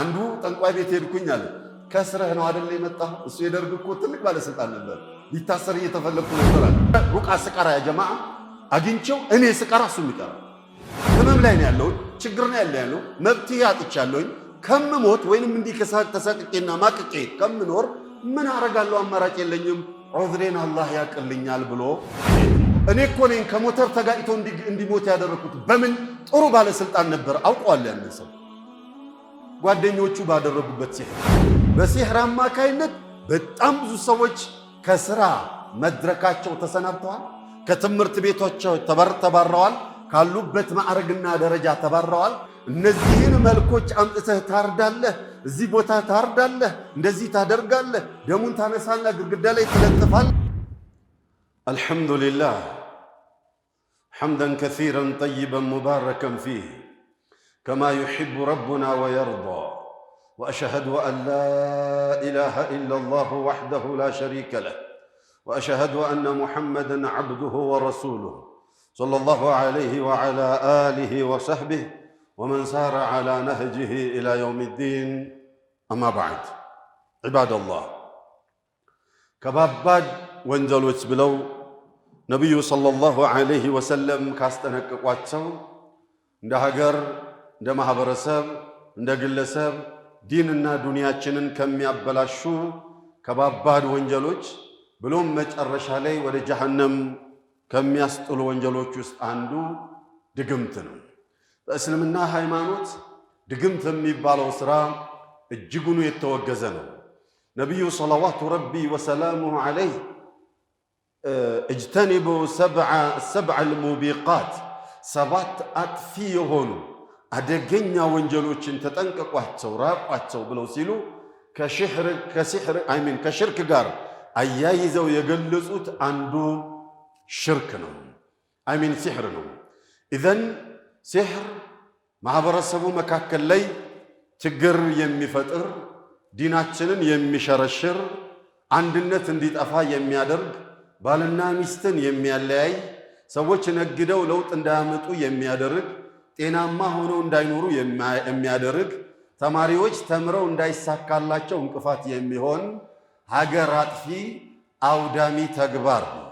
አንዱ ጠንቋይ ቤት ሄድኩኝ አለ። ከስረህ ነው አደለ የመጣ እሱ የደርግ እኮ ትልቅ ባለስልጣን ነበር። ሊታሰር እየተፈለግኩ ነበር አለ። ሩቃ ስቀራ ያ ጀማ አግኝቼው እኔ ስቀራ እሱ የሚቀራ ህመም ላይ ነው ያለውን ችግር ነው ያለ ያለው መብትሄ አጥቻለሁኝ ከምሞት ወይንም እንዲህ ከሳቅ ተሳቅቄና ማቅቄ ከምኖር ምን አረጋለሁ? አማራጭ የለኝም። ዑዝሬን አላህ ያቅልኛል ብሎ እኔ እኮ ነኝ ከሞተር ተጋጭቶ እንዲሞት ያደረግኩት። በምን ጥሩ ባለስልጣን ነበር፣ አውቀዋለሁ ያንን ሰው ጓደኞቹ ባደረጉበት ሲሕር በሲሕር አማካይነት በጣም ብዙ ሰዎች ከስራ መድረካቸው ተሰናብተዋል። ከትምህርት ቤቶቻቸው ተባረዋል። ካሉበት ማዕረግና ደረጃ ተባረዋል። እነዚህን መልኮች አምጥተህ ታርዳለህ፣ እዚህ ቦታ ታርዳለህ፣ እንደዚህ ታደርጋለህ፣ ደሙን ታነሳና ግድግዳ ላይ ትለጥፋል። አልሐምዱሊላህ ሐምደን ከሲረን ጠይበን ሙባረከን ፊህ كما يحب ربنا ويرضى واشهد ان لا اله الا الله وحده لا شريك له واشهد ان محمدا عبده ورسوله صلى الله عليه وعلى اله وصحبه ومن سار على نهجه الى يوم الدين اما بعد عباد الله كباب كباباد ወንጀሎች نبي صلى الله عليه وسلم كاستنك እንደ ሀገር እንደ ማህበረሰብ እንደ ግለሰብ ዲንና ዱንያችንን ከሚያበላሹ ከባባድ ወንጀሎች ብሎም መጨረሻ ላይ ወደ ጀሃነም ከሚያስጥሉ ወንጀሎች ውስጥ አንዱ ድግምት ነው። በእስልምና ሃይማኖት ድግምት የሚባለው ስራ እጅጉኑ የተወገዘ ነው። ነቢዩ ሰላዋቱ ረቢ ወሰላሙሁ ዐለይህ እጅተኒቡ ሰብዐ ልሙቢቃት ሰባት አጥፊ የሆኑ አደገኛ ወንጀሎችን ተጠንቀቋቸው፣ ራቋቸው ብለው ሲሉ ከሽርክ ጋር አያይዘው የገለጹት አንዱ ሽርክ ነው፣ አይሚን ሲሕር ነው። ኢዘን ሲሕር ማኅበረሰቡ መካከል ላይ ችግር የሚፈጥር ዲናችንን የሚሸረሽር አንድነት እንዲጠፋ የሚያደርግ ባልና ሚስትን የሚያለያይ ሰዎች ነግደው ለውጥ እንዳያመጡ የሚያደርግ ጤናማ ሆነው እንዳይኖሩ የሚያደርግ ተማሪዎች ተምረው እንዳይሳካላቸው እንቅፋት የሚሆን ሀገር አጥፊ አውዳሚ ተግባር ነው።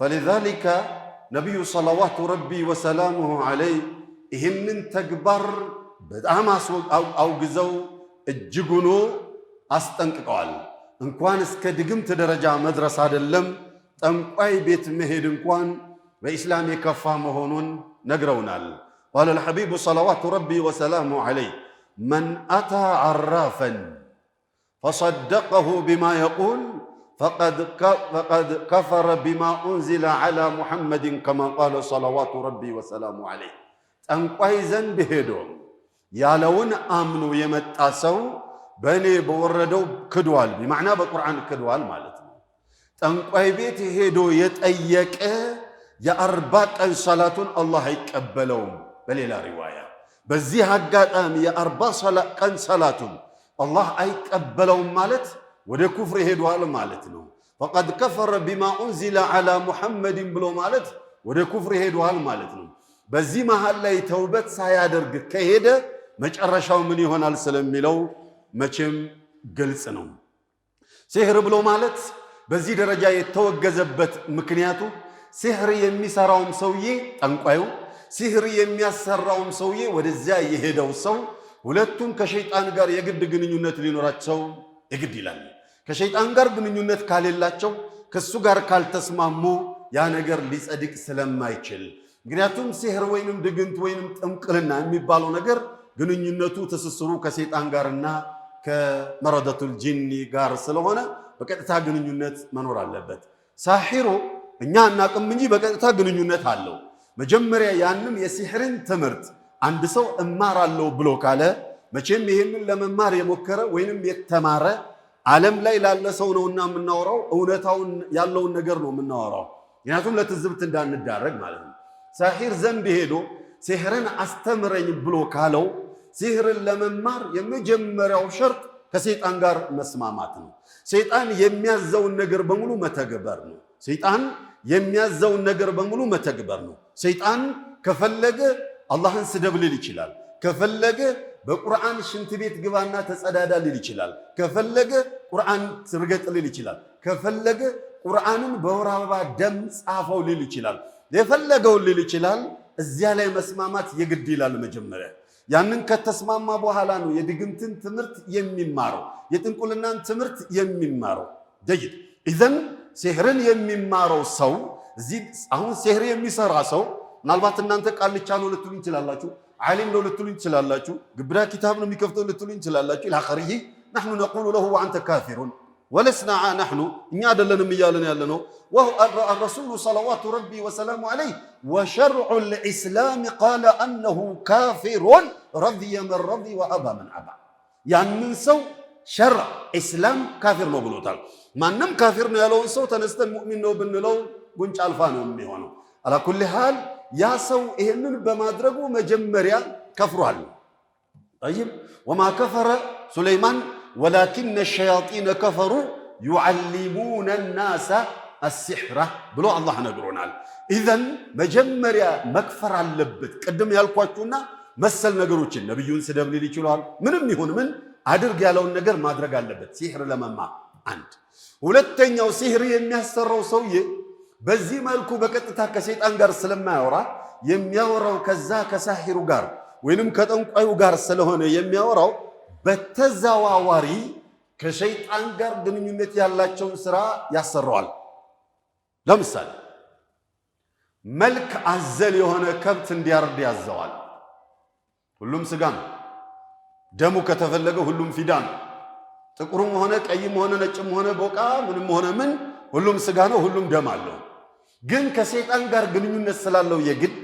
ፈሊዛሊከ ነቢዩ ሰላዋቱ ረቢ ወሰላሙሁ ዐለይህ ይህንን ተግባር በጣም አውግዘው እጅጉኑ አስጠንቅቀዋል። እንኳን እስከ ድግምት ደረጃ መድረስ አይደለም ጠንቋይ ቤት መሄድ እንኳን በኢስላም የከፋ መሆኑን ነግረውናል። قال الحبيب صلوات ربي وسلامه عليه من أتى عرافا فصدقه بما يقول فقد فقد كفر بما أنزل على محمد كما قال صلوات ربي وسلامه عليه أنقايزا بهدوم يا لون آمنوا يمتاسو بني بوردو كدوال بمعنى بالقرآن كدوال مالت تنقاي بيت هدو يتأيك يا أربات أن صلاة الله يكبلون በሌላ ሪዋያ በዚህ አጋጣሚ የአርባ ቀን ሰላቱን አላህ አይቀበለውም ማለት ወደ ኩፍር ሄዷል ማለት ነው። ፈቀድ ከፈረ ቢማ ኡንዚለ ዓላ ሙሐመድን ብሎ ማለት ወደ ኩፍር ሄዷል ማለት ነው። በዚህ መሃል ላይ ተውበት ሳያደርግ ከሄደ መጨረሻው ምን ይሆናል ስለሚለው መቼም ግልጽ ነው። ሲህር ብሎ ማለት በዚህ ደረጃ የተወገዘበት ምክንያቱ ሲህር የሚሰራውም ሰውዬ ጠንቋዩ ሲህር የሚያሰራውም ሰውዬ ወደዚያ የሄደው ሰው ሁለቱም ከሸይጣን ጋር የግድ ግንኙነት ሊኖራቸው የግድ ይላል። ከሸይጣን ጋር ግንኙነት ካሌላቸው ከሱ ጋር ካልተስማሙ ያ ነገር ሊጸድቅ ስለማይችል ምክንያቱም ሲህር ወይንም ድግንት ወይንም ጥምቅልና የሚባለው ነገር ግንኙነቱ ትስስሩ ከሰይጣን ጋርና ከመረደቱል ጂኒ ጋር ስለሆነ በቀጥታ ግንኙነት መኖር አለበት። ሳሒሩ እኛ አናቅም እንጂ በቀጥታ ግንኙነት አለው። መጀመሪያ ያንን የሲሕርን ትምህርት አንድ ሰው እማራለሁ ብሎ ካለ መቼም ይህንን ለመማር የሞከረ ወይንም የተማረ ዓለም ላይ ላለ ሰው ነውና የምናወራው እውነታውን ያለውን ነገር ነው የምናወራው። ምክንያቱም ለትዝብት እንዳንዳረግ ማለት ነው። ሳሒር ዘንድ ሄዶ ሲሕርን አስተምረኝ ብሎ ካለው ሲሕርን ለመማር የመጀመሪያው ሸርጥ ከሰይጣን ጋር መስማማት ነው። ሰይጣን የሚያዘውን ነገር በሙሉ መተግበር ነው። ሰይጣን የሚያዘውን ነገር በሙሉ መተግበር ነው። ሰይጣን ከፈለገ አላህን ስደብ ልል ይችላል። ከፈለገ በቁርአን ሽንት ቤት ግባና ተጸዳዳ ልል ይችላል። ከፈለገ ቁርአን ትርገጥ ልል ይችላል። ከፈለገ ቁርአንን በወር አበባ ደም ጻፈው ልል ይችላል። የፈለገውን ልል ይችላል። እዚያ ላይ መስማማት የግድ ይላል መጀመሪያ ያንን ከተስማማ በኋላ ነው የድግምትን ትምህርት የሚማረው የጥንቁልናን ትምህርት የሚማረው። ደይድ ኢዘን ሴህርን የሚማረው ሰው እዚህ አሁን ሴህር የሚሰራ ሰው ምናልባት እናንተ ቃልቻ ነው ልትሉኝ ትችላላችሁ፣ ዓሊም ነው ልትሉኝ ትችላላችሁ፣ ግብዳ ኪታብ ነው የሚከፍተው ልትሉኝ ትችላላችሁ። ኢላኸሪህ ናሕኑ ነቁሉ ለሁ ወአንተ ካፊሩን ወለስና ናሕኑ እኛ አይደለንም እያለን ያለ ነው። ረሱሉ ሰለዋቱ ረቢ ወሰላሙ ዓለይህ ወሸርዑ ልኢስላም ቃለ አነሁ ካፊሩን ረድየ መን ረዲ ወአባ መን አባ ያንን ሰው ሸርዕ ኢስላም ካፊር ነው ብሎታል። ማንም ካፊር ነው ያለውን ሰው ተነስተን ሙእሚን ነው ብንለው ጉንጭ አልፋ ነው የሚሆነው። አላኩል ሃል ያ ሰው ይህንን በማድረጉ መጀመሪያ ከፍሯል። ጠይብ ወማ ከፈረ ሱለይማን ወላኪነ ሸያጢነ ከፈሩ ዩዓሊሙነ ናሳ አሲሕራ ብሎ አላህ ነግሮናል። ኢዘን መጀመሪያ መክፈር አለበት። ቅድም ያልኳችሁና መሰል ነገሮችን ነቢዩን ስደብ ሊል ይችሏል። ምንም ይሁን ምን አድርግ ያለውን ነገር ማድረግ አለበት ሲሕር ለመማር አንድ ሁለተኛው ሲህር የሚያሰራው ሰውዬ በዚህ መልኩ በቀጥታ ከሰይጣን ጋር ስለማያወራ የሚያወራው ከዛ ከሳሂሩ ጋር ወይንም ከጠንቋዩ ጋር ስለሆነ የሚያወራው በተዘዋዋሪ ከሸይጣን ጋር ግንኙነት ያላቸውን ስራ ያሰራዋል። ለምሳሌ መልክ አዘል የሆነ ከብት እንዲያርድ ያዘዋል። ሁሉም ስጋ ነው። ደሙ ከተፈለገ ሁሉም ፊዳ ነው። ጥቁርም ሆነ ቀይም ሆነ ነጭም ሆነ ቦቃ ምንም ሆነ ምን ሁሉም ስጋ ነው፣ ሁሉም ደም አለው። ግን ከሴጣን ጋር ግንኙነት ስላለው የግድ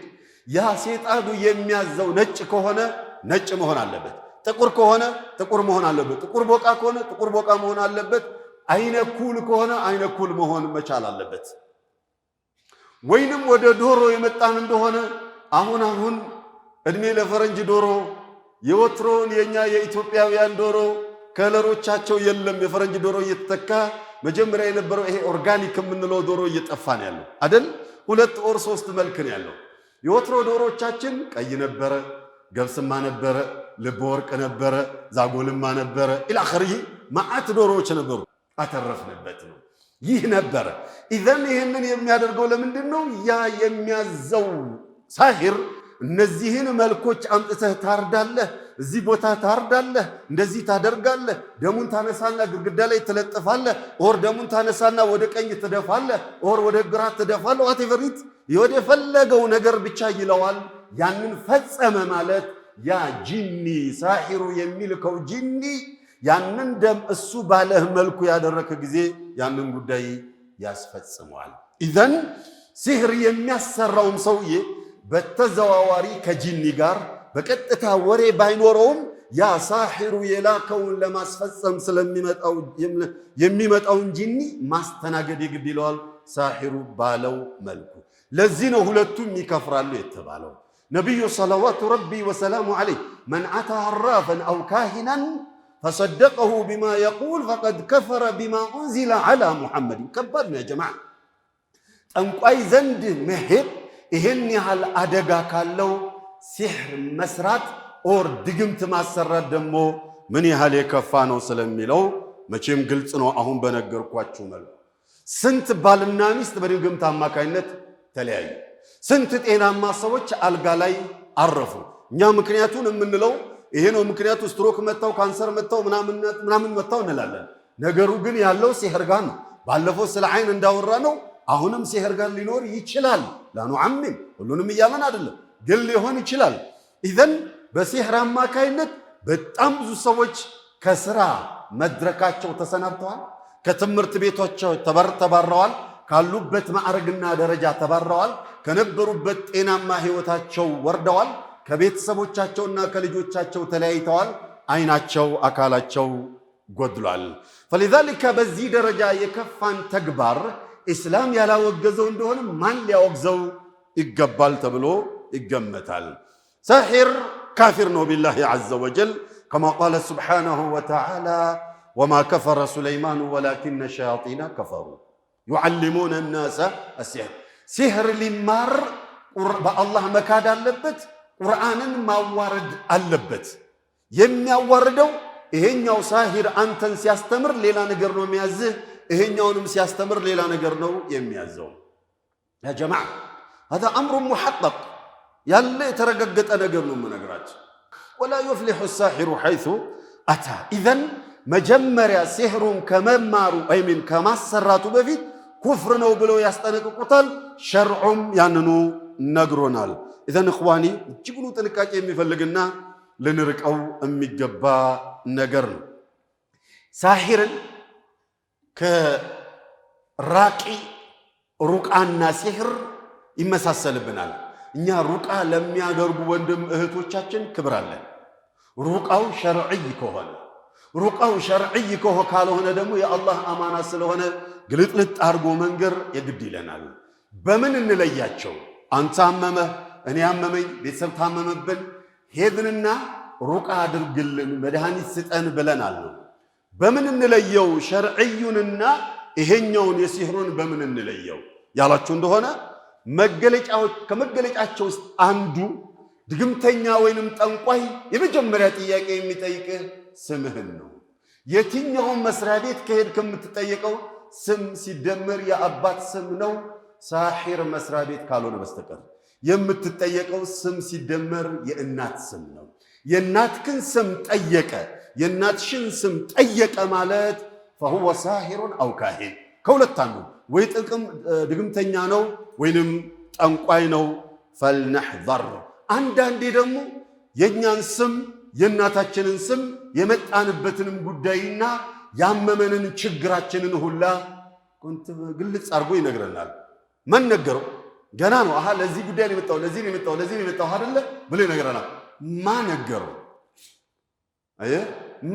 ያ ሴጣኑ የሚያዘው ነጭ ከሆነ ነጭ መሆን አለበት፣ ጥቁር ከሆነ ጥቁር መሆን አለበት፣ ጥቁር ቦቃ ከሆነ ጥቁር ቦቃ መሆን አለበት፣ አይነ ኩል ከሆነ አይነ ኩል መሆን መቻል አለበት። ወይንም ወደ ዶሮ የመጣን እንደሆነ አሁን አሁን እድሜ ለፈረንጅ ዶሮ የወትሮውን የእኛ የኢትዮጵያውያን ዶሮ ከለሮቻቸው የለም። የፈረንጅ ዶሮ እየተተካ መጀመሪያ የነበረው ይሄ ኦርጋኒክ የምንለው ዶሮ እየጠፋ ነው ያለው አደል። ሁለት ኦር ሶስት መልክ ነው ያለው። የወትሮ ዶሮቻችን ቀይ ነበረ፣ ገብስማ ነበረ፣ ልብ ወርቅ ነበረ፣ ዛጎልማ ነበረ፣ ኢላኸር ማዓት ዶሮዎች ነበሩ። አተረፍንበት ነው ይህ ነበረ። ኢዘን ይህንን የሚያደርገው ለምንድን ነው? ያ የሚያዘው ሳሂር እነዚህን መልኮች አምጥተህ ታርዳለህ፣ እዚህ ቦታ ታርዳለህ፣ እንደዚህ ታደርጋለህ፣ ደሙን ታነሳና ግድግዳ ላይ ትለጥፋለህ፣ ኦር ደሙን ታነሳና ወደ ቀኝ ትደፋለህ፣ ኦር ወደ ግራ ትደፋለህ። ዋቴቨሪት ወደ ፈለገው ነገር ብቻ ይለዋል። ያንን ፈጸመ ማለት ያ ጂኒ ሳሒሩ የሚልከው ጂኒ ያንን ደም እሱ ባለህ መልኩ ያደረከ ጊዜ ያንን ጉዳይ ያስፈጽመዋል። ኢዘን ሲህር የሚያሰራውም ሰውዬ በተዘዋዋሪ ከጂኒ ጋር በቀጥታ ወሬ ባይኖረውም ያ ሳሒሩ የላከውን ለማስፈጸም የሚመጣውን ጂኒ ማስተናገድ የግድ ይለዋል ሳሒሩ ባለው መልኩ። ለዚህ ነው ሁለቱም ይከፍራሉ የተባለው። ነቢዩ ሰላዋቱ ረቢ ወሰላሙ ዓለይህ መን አታ አራፈን አው ካሂናን ፈሰደቀሁ ቢማ የቁል ፈቀድ ከፈረ ቢማ ኡንዚለ ዓላ ሙሐመድን። ከባድ ነው ያ ጀማዓ ጠንቋይ ዘንድ መሄድ ይህን ያህል አደጋ ካለው ሲሕር መስራት ኦር ድግምት ማሰራት ደግሞ ምን ያህል የከፋ ነው ስለሚለው መቼም ግልጽ ነው። አሁን በነገርኳችሁ መልኩ ስንት ባልና ሚስት በድግምት አማካኝነት ተለያዩ። ስንት ጤናማ ሰዎች አልጋ ላይ አረፉ። እኛ ምክንያቱን የምንለው ይሄ ነው። ምክንያቱ ስትሮክ መታው፣ ካንሰር መታው፣ ምናምን መታው እንላለን። ነገሩ ግን ያለው ሲሕር ጋር ነው። ባለፈው ስለ አይን እንዳወራ ነው አሁንም ሲህር ጋር ሊኖር ይችላል። ላኑዓሚም ሁሉንም እያለን አይደለም፣ ግን ሊሆን ይችላል። ኢዘን በሲህር አማካይነት በጣም ብዙ ሰዎች ከስራ መድረካቸው ተሰናብተዋል፣ ከትምህርት ቤቶቻቸው ተባረዋል፣ ካሉበት ማዕረግና ደረጃ ተባረዋል፣ ከነበሩበት ጤናማ ህይወታቸው ወርደዋል፣ ከቤተሰቦቻቸውና ከልጆቻቸው ተለያይተዋል። አይናቸው አካላቸው ጎድሏል። ፈሊዛሊካ በዚህ ደረጃ የከፋን ተግባር ኢስላም ያላወገዘው እንደሆነ ማን ሊያወግዘው ይገባል ተብሎ ይገመታል። ሰሒር ካፊር ነው ቢላሂ ዐዘ ወጀል ከማ ቃለ ስብሓነሁ ወተዓላ ወማ ከፈረ ሱለይማኑ ወላኪነ ሸያጢነ ከፈሩ ዩዓሊሙነ ናሰ አሲሕር። ሲሕር ሊማር በአላህ መካድ አለበት፣ ቁርአንን ማዋረድ አለበት። የሚያዋርደው ይሄኛው ሳሂር አንተን ሲያስተምር ሌላ ነገር ነው የሚያዝህ ይሄኛውንም ሲያስተምር ሌላ ነገር ነው የሚያዘው። ያ ጀማዓ هذا امر محقق ያለ የተረጋገጠ ነገር ነው የምነግራችሁ። ولا يفلح الساحر حيث اتى اذا መጀመሪያ ሲህሩን ከመማሩ ወይም ከማሰራቱ በፊት ኩፍር ነው ብለው ያስጠነቅቁታል። ሸርዑም ያንኑ ነግሮናል። ኢዘን እኽዋኒ እጅጉኑ ጥንቃቄ የሚፈልግና ልንርቀው የሚገባ ነገር ነው። ሳሒርን ከራቂ ሩቃና ሲህር ይመሳሰልብናል። እኛ ሩቃ ለሚያደርጉ ወንድም እህቶቻችን ክብር አለን። ሩቃው ሸርዕይ ከሆነ ሩቃው ሸርዕይ ከሆ ካልሆነ ደግሞ የአላህ አማና ስለሆነ ግልጥልጥ አድርጎ መንገር የግድ ይለናል። በምን እንለያቸው? አንተ አመመህ፣ እኔ አመመኝ፣ ቤተሰብ ታመመብን፣ ሄድንና ሩቃ አድርግልን መድኃኒት ስጠን ብለን አለው በምን እንለየው? ሸርዕዩንና ይሄኛውን የሲህሩን በምን እንለየው ያላችሁ እንደሆነ መገለጫዎች ከመገለጫቸው ውስጥ አንዱ ድግምተኛ ወይንም ጠንቋይ የመጀመሪያ ጥያቄ የሚጠይቅህ ስምህን ነው። የትኛውን መስሪያ ቤት ከሄድ ከምትጠየቀው ስም ሲደመር የአባት ስም ነው። ሳሒር መስሪያ ቤት ካልሆነ በስተቀር የምትጠየቀው ስም ሲደመር የእናት ስም ነው። የእናትክን ስም ጠየቀ፣ የእናትሽን ስም ጠየቀ ማለት ፈሁወ ሳሂሩን አው ካሂን ከሁለት አንዱ ወይ ጥቅም ድግምተኛ ነው ወይንም ጠንቋይ ነው። ፈልነሕዘር አንዳንዴ ደግሞ የእኛን ስም የእናታችንን ስም የመጣንበትንም ጉዳይና ያመመንን ችግራችንን ሁላ ግልጽ አድርጎ ይነግረናል። መን ነገረው ገና ነው። አሃ ለዚህ ጉዳይ ነው የመጣው፣ ለዚህ ነው የመጣው፣ ለዚህ ነው የመጣው አደለ ብሎ ይነግረናል። ማን ነገረው? አየህ፣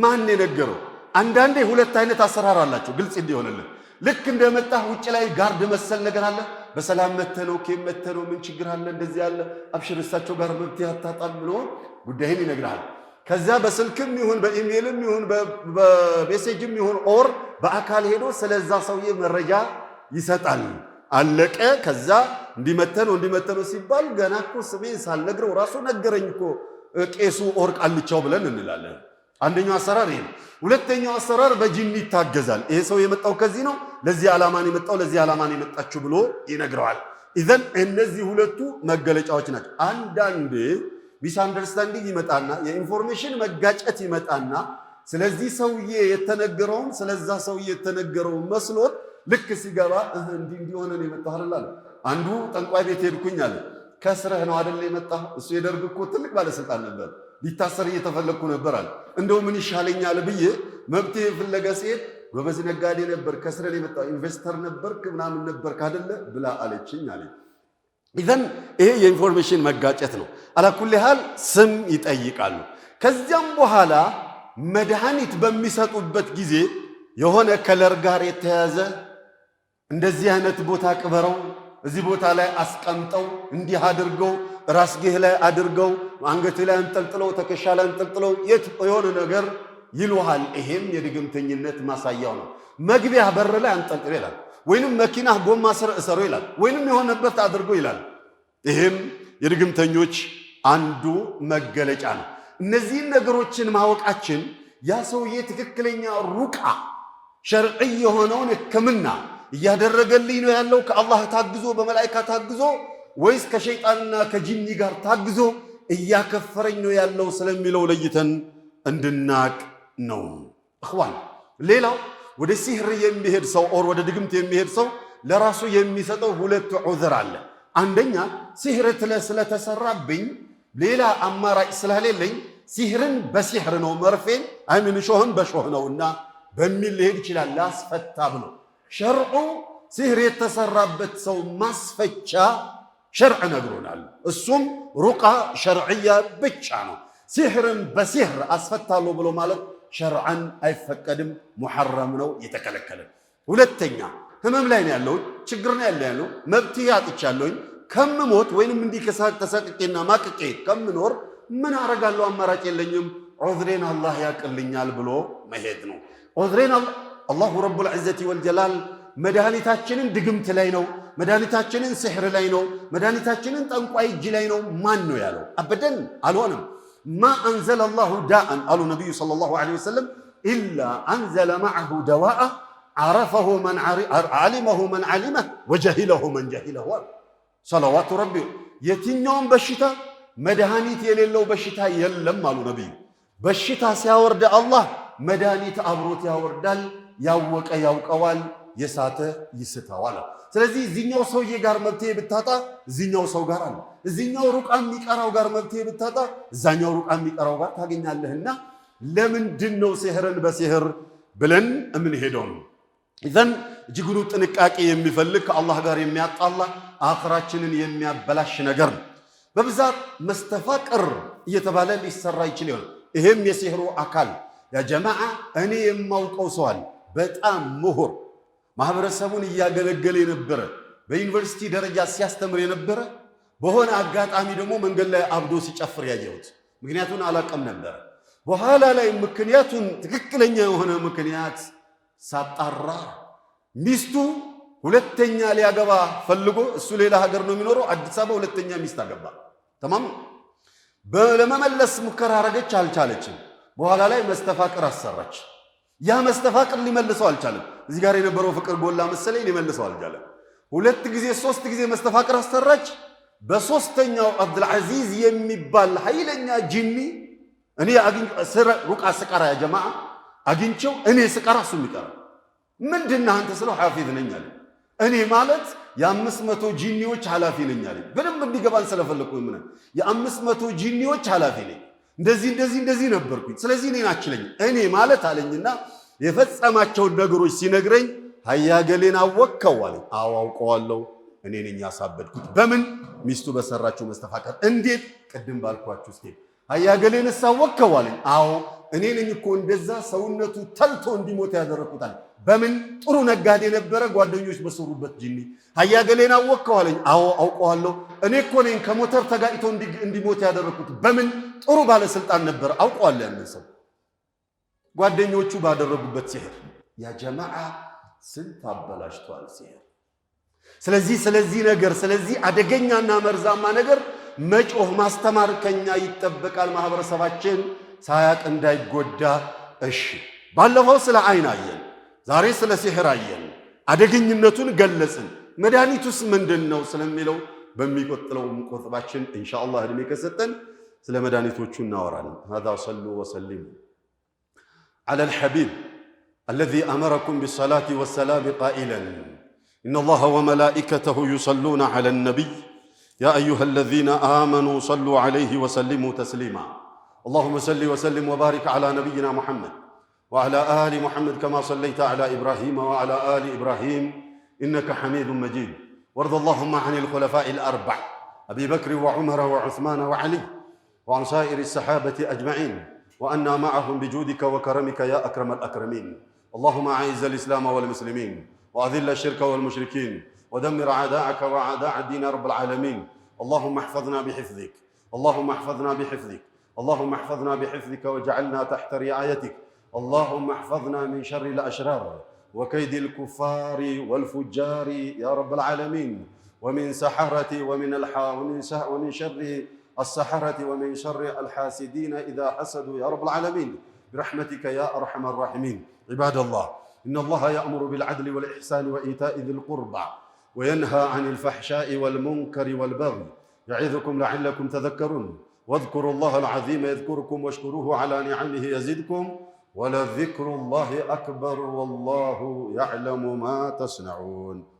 ማን የነገረው? አንዳንዴ ሁለት አይነት አሰራር አላቸው። ግልጽ እንዲሆንልን ልክ እንደመጣ ውጭ ላይ ጋርድ መሰል ነገር አለ። በሰላም መተነው ኬም መተነው ምን ችግር አለ? እንደዚህ ያለ አብሽር፣ እሳቸው ጋር መብት ያታጣል ብሎ ጉዳይን ይነግርሃል። ከዚያ በስልክም ይሁን በኢሜይልም ይሁን በሜሴጅም ይሁን ኦር በአካል ሄዶ ስለዛ ሰውዬ መረጃ ይሰጣል። አለቀ። ከዛ እንዲመተነው እንዲመተነው ሲባል ገና እኮ ስሜን ሳልነግረው ራሱ ነገረኝ እኮ ቄሱ ኦር ቃልቻው ብለን እንላለን። አንደኛው አሰራር ይሄ ነው። ሁለተኛው አሰራር በጂኒ ይታገዛል። ይሄ ሰው የመጣው ከዚህ ነው፣ ለዚህ ዓላማን የመጣው ለዚህ ዓላማን የመጣችሁ ብሎ ይነግረዋል። ኢዘን እነዚህ ሁለቱ መገለጫዎች ናቸው። አንዳንድ ሚስ አንደርስታንዲንግ ይመጣና የኢንፎርሜሽን መጋጨት ይመጣና ስለዚህ ሰውዬ የተነገረውን ስለዛ ሰውዬ የተነገረውን መስሎት ልክ ሲገባ እንዲህ እንዲሆነ ነው አለ። አንዱ ጠንቋይ ቤት ሄድኩኝ አለ ከስረህ ነው አደለ የመጣ እሱ የደርግ እኮ ትልቅ ባለስልጣን ነበር። ሊታሰር እየተፈለግኩ ነበር አለ። እንደው ምን ይሻለኛል ብዬ መብቴ ፍለገ ሲሄድ ጎበዝ ነጋዴ ነበር፣ ከስረህ ነው የመጣ ኢንቨስተር ነበር ምናምን ነበር ካደለ ብላ አለችኝ አለ ኢዘን ይሄ የኢንፎርሜሽን መጋጨት ነው። አላኩል ያህል ስም ይጠይቃሉ። ከዚያም በኋላ መድኃኒት በሚሰጡበት ጊዜ የሆነ ከለር ጋር የተያዘ እንደዚህ አይነት ቦታ ቅበረው እዚህ ቦታ ላይ አስቀምጠው እንዲህ አድርገው ራስጌህ ላይ አድርገው አንገት ላይ አንጠልጥለው ተከሻ ላይ አንጠልጥለው የት የሆነ ነገር ይልሃል። ይሄም የድግምተኝነት ማሳያው ነው። መግቢያ በር ላይ አንጠልጥሎ ይላል፣ ወይንም መኪና ጎማ ስር እሰሮ ይላል፣ ወይንም የሆነበት አድርጎ ይላል። ይሄም የድግምተኞች አንዱ መገለጫ ነው። እነዚህን ነገሮችን ማወቃችን ያ ሰውዬ ትክክለኛ ሩቃ ሸርዕይ የሆነውን ሕክምና እያደረገልኝ ነው ያለው ከአላህ ታግዞ በመላይካ ታግዞ ወይስ ከሸይጣንና ከጂኒ ጋር ታግዞ እያከፈረኝ ነው ያለው ስለሚለው ለይተን እንድናቅ ነው። እኽዋን ሌላው ወደ ሲህር የሚሄድ ሰው ኦር ወደ ድግምት የሚሄድ ሰው ለራሱ የሚሰጠው ሁለት ዑዝር አለ። አንደኛ ሲህር ስለተሰራብኝ ሌላ አማራጭ ስለሌለኝ ሲህርን በሲህር ነው መርፌን አይምን ሾህን በሾህ ነውና በሚል ሊሄድ ይችላል። ላስፈታ ብሎ ሸርዑ ሲህር የተሰራበት ሰው ማስፈቻ ሸርዕ ነግሮናል። እሱም ሩቃ ሸርዕያ ብቻ ነው። ሲህርን በሲህር አስፈታለሁ ብሎ ማለት ሸርዐን አይፈቀድም፣ ሙሐረም ነው የተከለከለ። ሁለተኛ ህመም ላይ ነው ያለውን ችግር ነው ያለ ያለው መብትሄ አጥቻለሁኝ ከምሞት ወይንም እንዲህ ከሳቅ ተሰቅቄና ማቅቄ ከምኖር ምን አረጋለሁ? አማራጭ የለኝም፣ ዑዝሬን አላህ ያቅልኛል ብሎ መሄድ ነው። ዑዝሬን አላሁ ረቡል ዒዘቲ ወልጀላል መድኃኒታችንን ድግምት ላይ ነው፣ መድኃኒታችንን ስሕር ላይ ነው፣ መድኃኒታችንን ጠንቋይ እጅ ላይ ነው። ማን ነው ያለው? አበደን አልሆነም። ማ አንዘለ ላሁ ዳአን አሉ ነቢዩ ሰለላሁ ዐለይሂ ወሰለም ኢላ አንዘለ ማዐሁ ደዋአ ዓረፈሁ መን ዓሊመሁ መን ዓሊመህ ወጀሂለሁ መን ጀሂለሁ አሉ ሰለዋቱ ረቢ። የትኛውም በሽታ መድኃኒት የሌለው በሽታ የለም አሉ ነቢዩ። በሽታ ሲያወርድ አላህ መድኃኒት አብሮት ያወርዳል። ያወቀ ያውቀዋል፣ የሳተ ይስተዋል። ስለዚህ እዚኛው ሰውዬ ጋር መብትሄ ብታጣ እዚኛው ሰው ጋር አለ። እዚኛው ሩቃ የሚቀራው ጋር መብትሄ ብታጣ እዛኛው ሩቃ የሚቀራው ጋር ታገኛለህና ለምንድን ነው ሲህርን በሲህር ብለን እምንሄደው ነው? ኢዘን እጅግኑ ጥንቃቄ የሚፈልግ ከአላህ ጋር የሚያጣላ አኽራችንን የሚያበላሽ ነገር ነው። በብዛት መስተፋቅር እየተባለ ሊሰራ ይችል ይሆናል። ይሄም የሲህሩ አካል ያ ጀማዓ እኔ የማውቀው ሰዋል በጣም ምሁር፣ ማህበረሰቡን እያገለገለ የነበረ በዩኒቨርሲቲ ደረጃ ሲያስተምር የነበረ በሆነ አጋጣሚ ደግሞ መንገድ ላይ አብዶ ሲጨፍር ያየሁት። ምክንያቱን አላውቅም ነበር። በኋላ ላይ ምክንያቱን ትክክለኛ የሆነ ምክንያት ሳጣራ ሚስቱ ሁለተኛ ሊያገባ ፈልጎ እሱ ሌላ ሀገር ነው የሚኖረው፣ አዲስ አበባ ሁለተኛ ሚስት አገባ። ተማም ለመመለስ ሙከራ አረገች፣ አልቻለችም። በኋላ ላይ መስተፋቅር አሰራች። ያ መስተፋቅር ሊመልሰው አልቻለም። እዚህ ጋር የነበረው ፍቅር ጎላ መሰለኝ ሊመልሰው አልቻለም። ሁለት ጊዜ ሶስት ጊዜ መስተፋቅር አሰራች። በሶስተኛው አብዱልዓዚዝ የሚባል ኃይለኛ ጂኒ እኔ ሩቃ ስቀራ ጀማ አግኝቸው እኔ ስቀራ እሱ የሚቀራ ምንድና አንተ ስለው ሓፊዝ ነኝ አለ። እኔ ማለት የአምስት መቶ ጂኒዎች ኃላፊ ነኝ አለ። በደንብ እንዲገባን ስለፈለግኩ ምን የአምስት መቶ ጂኒዎች ኃላፊ ነኝ እንደዚህ እንደዚህ እንደዚህ ነበርኩኝ። ስለዚህ እኔን አችለኝ እኔ ማለት አለኝና የፈጸማቸውን ነገሮች ሲነግረኝ ሀያገሌን አወቅከው አለኝ። አዎ አውቀዋለሁ፣ እኔ ነኝ ያሳበድኩት። በምን ሚስቱ በሰራችው መስተፋቀር። እንዴት ቅድም ባልኳችሁ ስቴ ሀያገሌን እሳወቅከው አለኝ። አዎ እኔ ነኝ እኮ እንደዛ ሰውነቱ ተልቶ እንዲሞት ያደረኩታል። በምን ጥሩ ነጋዴ ነበረ። ጓደኞች በሰሩበት ጅኒ ሀያ ገሌን አወቅከው አለኝ። አዎ አውቀዋለሁ። እኔ እኮ ነኝ ከሞተር ተጋጭቶ እንዲሞት ያደረግኩት። በምን ጥሩ ባለስልጣን ነበር አውቀዋለሁ ያንን ሰው ጓደኞቹ ባደረጉበት ሲሄድ ያ ጀማዓ ስንት አበላሽተዋል ሲሕር። ስለዚህ ስለዚህ ነገር ስለዚህ አደገኛና መርዛማ ነገር መጮህ ማስተማር ከኛ ይጠበቃል። ማህበረሰባችን ሳያቅ እንዳይጎዳ። እሺ ባለፈው ስለ አይን አየን። ዛሬ ስለ ሲሕር አየን፣ አደገኝነቱን ገለጽን። መድኃኒቱስ ምንድን ነው ስለሚለው በሚቆጥለው ቁጥባችን ኢንሻአላህ እድሜ ከሰጠን ስለ መድኃኒቶቹ እናወራለን። ሀዛ ሰሉ ወሰሊሙ ዐላ አልሐቢብ አለዚ አመረኩም ቢሰላቲ ወሰላም ቃኢለን ኢነላሃ ወመላኢከተሁ ዩሰሉነ ዐላ ነቢይ ያ አዩሃ አለዚነ አመኑ ሰሉ ዓለይህ ወሰሊሙ ተስሊማ አላሁመ ሰሊ ወሰሊም ወባሪክ ዐላ ነቢይና ሙሐመድ وعلى آل محمد كما صليت على إبراهيم وعلى آل إبراهيم إنك حميد مجيد وارض اللهم عن الخلفاء الأربع أبي بكر وعمر وعثمان وعلي وعن سائر الصحابة أجمعين وأنا معهم بجودك وكرمك يا أكرم الأكرمين اللهم أعز الإسلام والمسلمين وأذل الشرك والمشركين ودمر أعداءك وأعداء الدين رب العالمين اللهم احفظنا بحفظك اللهم احفظنا بحفظك اللهم احفظنا بحفظك واجعلنا تحت رعايتك اللهم احفظنا من شر الأشرار وكيد الكفار والفجار يا رب العالمين ومن سحرة ومن الحا ومن ومن شر السحرة ومن شر الحاسدين إذا حسدوا يا رب العالمين برحمتك يا أرحم الراحمين عباد الله إن الله يأمر بالعدل والإحسان وإيتاء ذي القربى وينهى عن الفحشاء والمنكر والبغي يعظكم لعلكم تذكرون واذكروا الله العظيم يذكركم واشكروه على نعمه يزدكم ولذكر الله اكبر والله يعلم ما تصنعون